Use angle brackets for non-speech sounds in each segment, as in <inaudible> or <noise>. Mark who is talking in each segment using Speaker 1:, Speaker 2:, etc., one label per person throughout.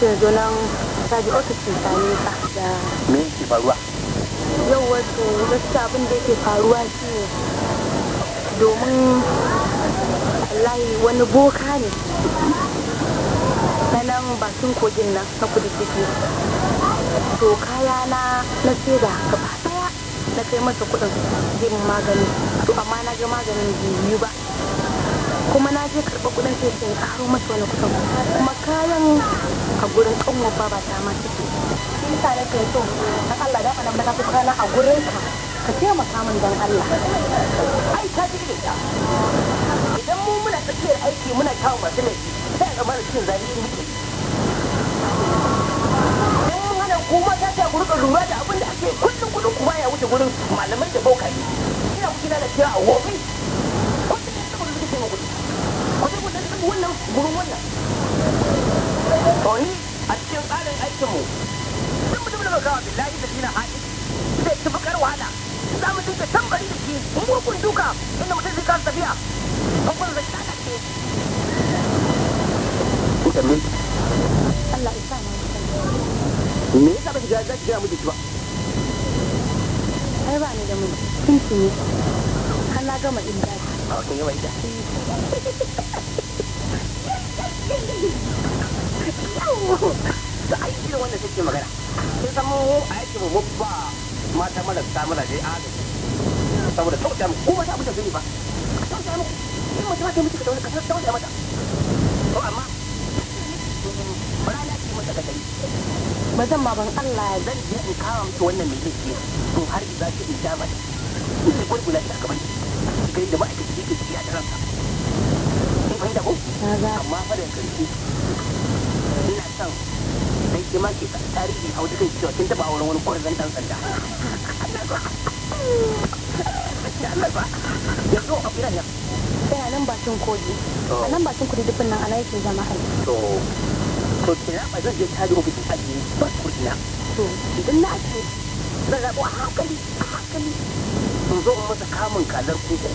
Speaker 1: sai zo nan kaji ofisin sami ka da me yake faruwa yau wato gaskiya abin da yake faruwa shi ne domin wallahi wani boka ne sanan bakin kogin nan ta kudu ciki to kaya na na seda gaba daya na kai masa kudin zai magani to amma na ga maganin biyu ba kuma na je karɓar kuɗin sai sai aro masa wani kuɗin kuma kayan a gurin ƙanwar baba ta ma take shi yasa na ke so dan Allah da nan na kuka na a gurin ka ka taimaka min dan Allah ai ka ji ta idan mu muna tsakiyar aiki
Speaker 2: muna kawo masu laifi sai ga mara cin ne muke dan mun hana kuma ta ta gurin lura da abin da ake kullum kullum kuma ya wuce gurin malamai da bokaye ina kuke na da cewa a wofi wannan gurin wannan to a cikin tsarin aikinmu mutum da baka billahi da dina haɗi bakar wahala za mu dinga tambari da shi mugun duka inda mutum zai kasa tafiya kuma zai
Speaker 1: Allah ya sa me yasa baki ga mu da ba ai ba ni da mu kin ne gama in a
Speaker 2: ah, kin gama ita <laughs>
Speaker 1: da wanda take
Speaker 2: magana sun san mu a yake mu ba mata marasa mazaje agaji saboda kauta mu ko wata abin da zai ba kauta mu in mace ma ta mutu ka tauna ka tauna mata to amma
Speaker 1: ba na ce mata kadari ba zan ma ban Allah ya zan je in kawo miki wannan mai laifi to har za ki in ja mata in ki gurgula shi a gaban ki kai da ma'aikaci ke ciki a taransa daban
Speaker 2: daban amma fa da karshe ina son dan ke ma ke tarihi a wata kan cewa kin taba auren wani kwarzan dan sanda
Speaker 1: yanzu a kira ne sai nan bakin kogi a nan bakin kudi dukkan nan ana yake zama ai to to ba zan je tare ofishin aji ba kudina to idan na ajiye zan rabo a hankali a hankali
Speaker 2: in zo in masa kamun kalar kudin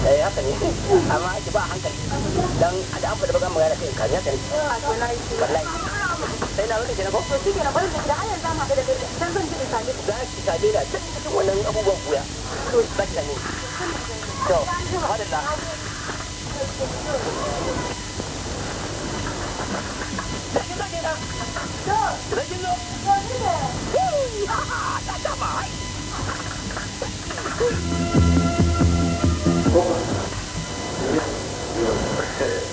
Speaker 2: da eh, ya ne amma ake ba hankali dan da an faɗi bagan magana kai kan haka ne wallahi sai na wuce kenan ko to shi kenan bari da ayan zama da kai dan zan je in same da cikin wannan abubuwan to to hadalla Thank you.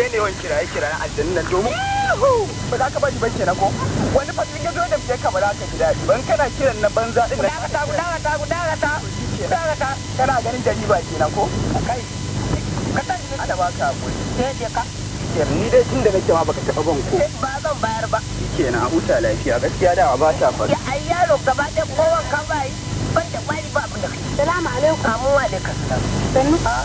Speaker 2: je ne yawan kiraye kiraye aljanun nan domin ba za ka bari ba kenan ko wani fa in ka zo da fiye ka ba za ka ji daɗi ban kana kiran na banza din nan ta guda ta guda ta guda ta kana ganin jari ba kenan ko kai ka tashi ne ana baka hakuri sai je ka ni dai tun da nake ma baka taɓa ban ko eh, ba zan bayar ba kenan a huta lafiya gaskiya da ba ta faru ya ai yaro gaba ɗaya kowan ka bai ban da kwari ba abin da kake salamu alaikum wa da kasalam sannu ah.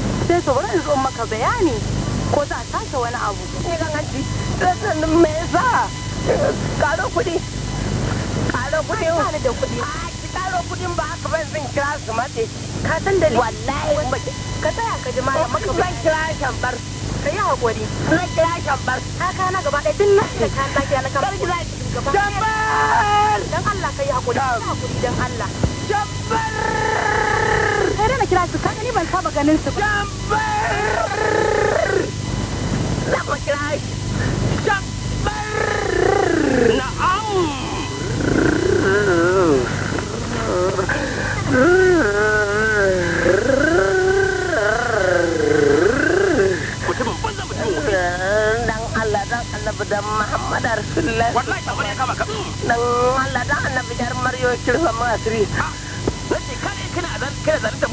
Speaker 1: sai su bari zo maka bayani ko za a tashi wani abu ne kan hanci rasanin me za karo kuɗi karo kuɗi
Speaker 2: ba da kuɗi ki karo kuɗin ba haka ban zan kira su mace ka san da wallahi ka tsaya ka ji malam maka ban kira shambar ka yi haƙuri na kira shambar
Speaker 1: kaka na gaba ɗaya duk na da kayan zaki na kama ɗarki zaki gaba shambar dan Allah ka yi haƙuri ka haƙuri dan Allah shambar bari na kira su kaga ni ban saba ganin su ba jambar na kira
Speaker 2: na'am Allah dan Muhammad Rasulullah wallahi kamar ya kama ka Allah dan annabi dar masri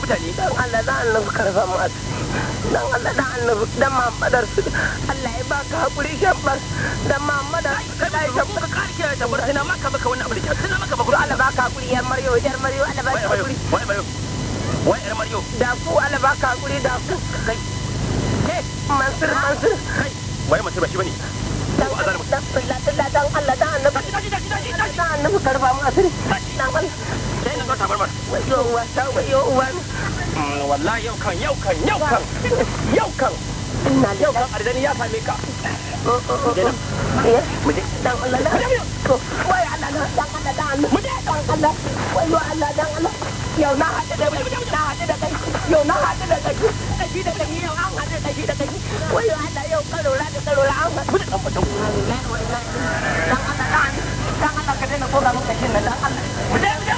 Speaker 2: mutane dan Allah dan annabi karfa dan Allah annabi dan mamadar su Allah ya baka hakuri shabbar dan mamadar shabbar ka karke ina maka abu da maka Allah baka hakuri yar maryo yar maryo Allah baka hakuri wai maryo wai yar maryo da ku Allah baka hakuri da ku kai mansur mansur kai
Speaker 1: wai mansur ba shi bane dan Allah
Speaker 2: dan annabi dan annabi karfa dan Allah zo tabarmar yauwa tawa yauwa wallahi yau kan yau kan yau kan yau kan yau kan arzani ya same ka muje dan Allah na to wai Allah na dan Allah dan Allah muje dan Allah wai yo Allah dan Allah yau na hade da na hade da kai yau na hade da kai kaji da kai yau an hade kaji da kai wai yo Allah yau karola da karola an hade muje dan fata dan Allah dan
Speaker 1: Allah dan
Speaker 2: Allah ka daina koga maka shin dan Allah muje muje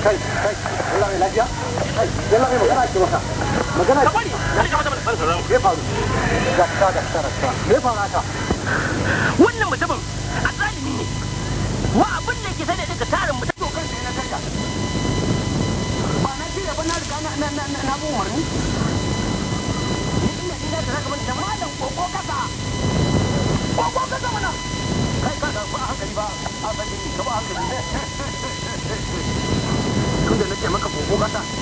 Speaker 2: kai kai Allah lafiya kai magana maka magana ka me da a da sarata me wannan mutumin a zalimi ne wa abin da ke sai daga tarin mutum to kansa yana kanka ba na jira ba na riga na na na na bu umarni ni ina ina da zaka ban da malam koko kasa koko kasa mana kai ka da ba hankali ba a bani ka ba hankali 尾形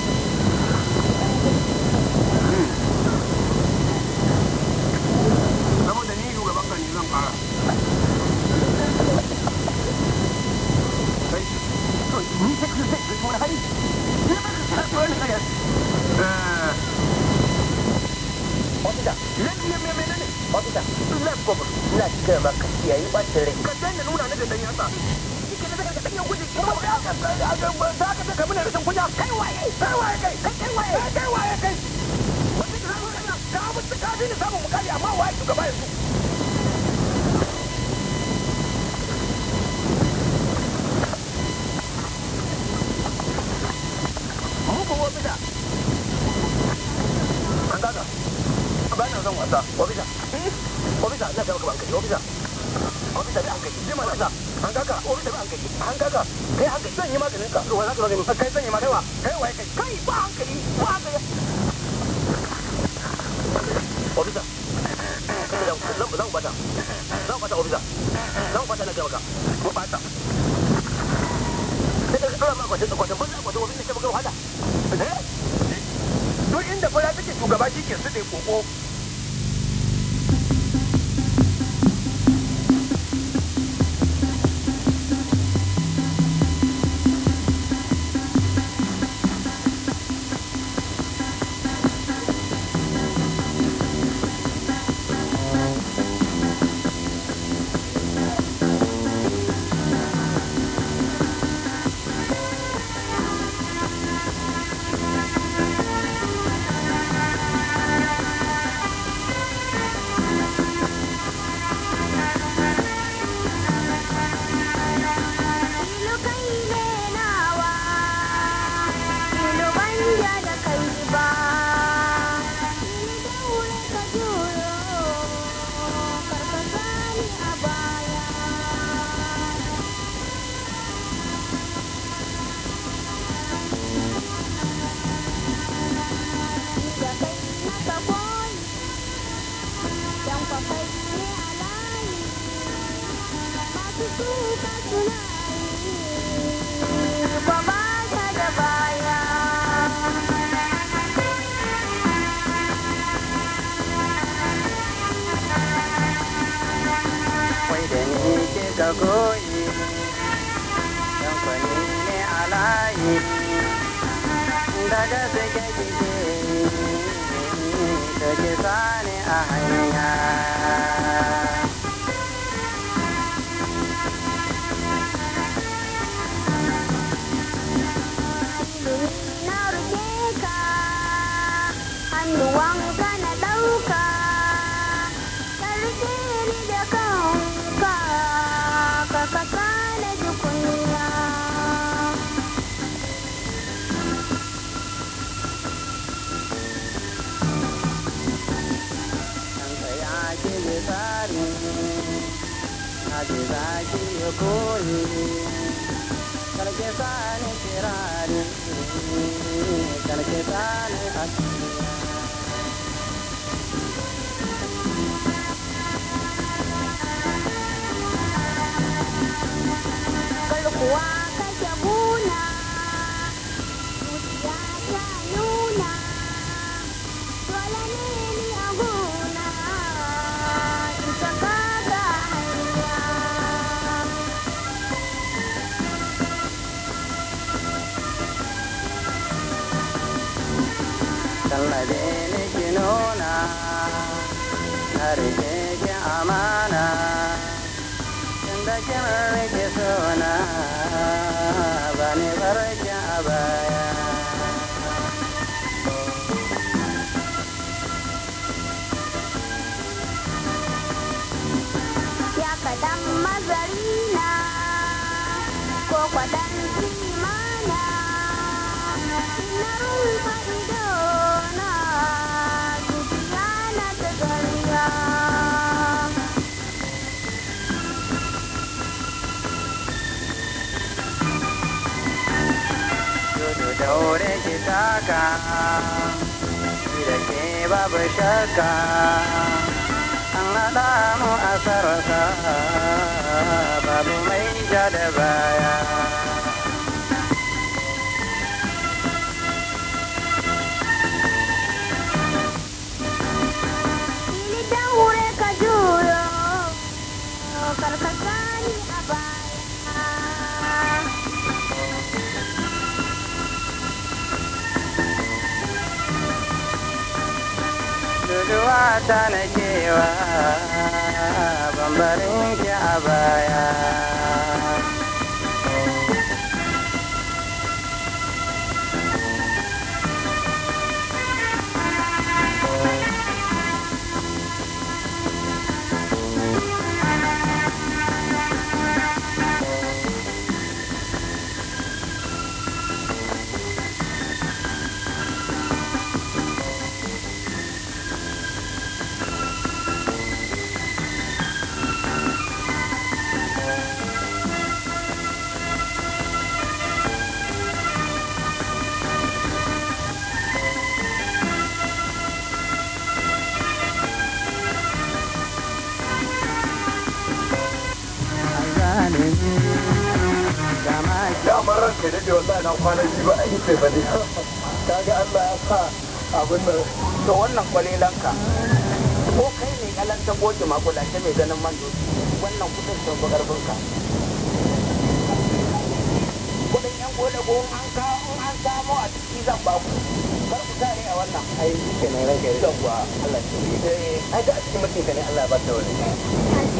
Speaker 1: shi
Speaker 2: ne samun mukari amma wa shugaba yanzu muku wabida an daga bayan zan wasa wabida wabida na gaba gaba hankali wabida wabida bai hankali zai mana sa an daga wabida bai hankali an daga kai hankali zan yi maganin ka wa za ka maganin ba kai kai kai ba hankali ba hankali bata bata bata bata ma kwatin ce inda fara take shugaba ke su koko da goyi kamfani a layi daga suke gige da ke sani a hanya na ruke ka hannuwanka na ɗauka ka ki ya koye karke sani kirari karke sani asiri kuwa like an hurricane. daure ki taka da ke babu shakka an haɗa mu a babu mai ja baya ta na cewa bambarin ki a baya na kwana biyu ba a yi sai bane <laughs> kaga Allah ya sa abin nan to wannan kwalelanka ko kai ne kalan ta goce ta mai ganin man doki wannan kudin sun bugar bunka kudin yan gole go an kawo an samu a cikin zan ba ku bar ku tare a wannan ai ke nan ranka da kuwa Allah ya yi eh, ai da a cikin mulkin ka ne Allah ya ba ta wani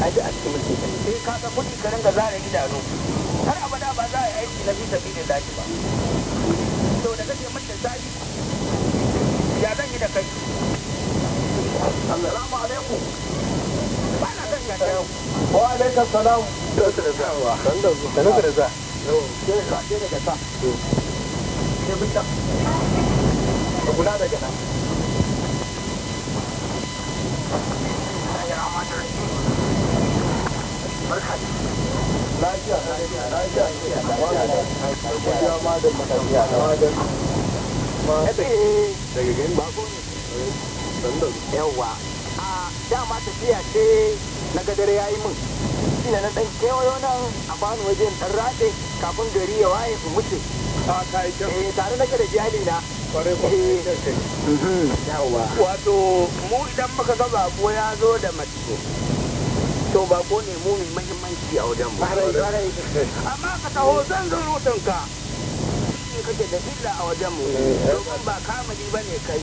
Speaker 2: ai da a cikin mulkin ka ne sai eh, ka ga kudi ka ringa zare idanu har abada ba za aiki na bisa bidin daji ba to da kake mace ya zan yi da kai assalamu alaikum ba na kan yanka yau wa alaikum salam dan da zuwa dan da zuwa sai ka daga ta sai bita ka kula daga nan Thank daga a dama tafiya ce na gadar ya yi min shi na ɗan kewayo nan a bani wajen ɗan raɗe kafin gari ya waye su wuce tare na da jihali na wato mu idan muka ga bako ya zo da mace to ko ne mu mai mahimmanci a wajen mu amma
Speaker 1: ka taho zan zo rutunka kake da illa a wajen mu eh, eh. domin ba kamali bane kai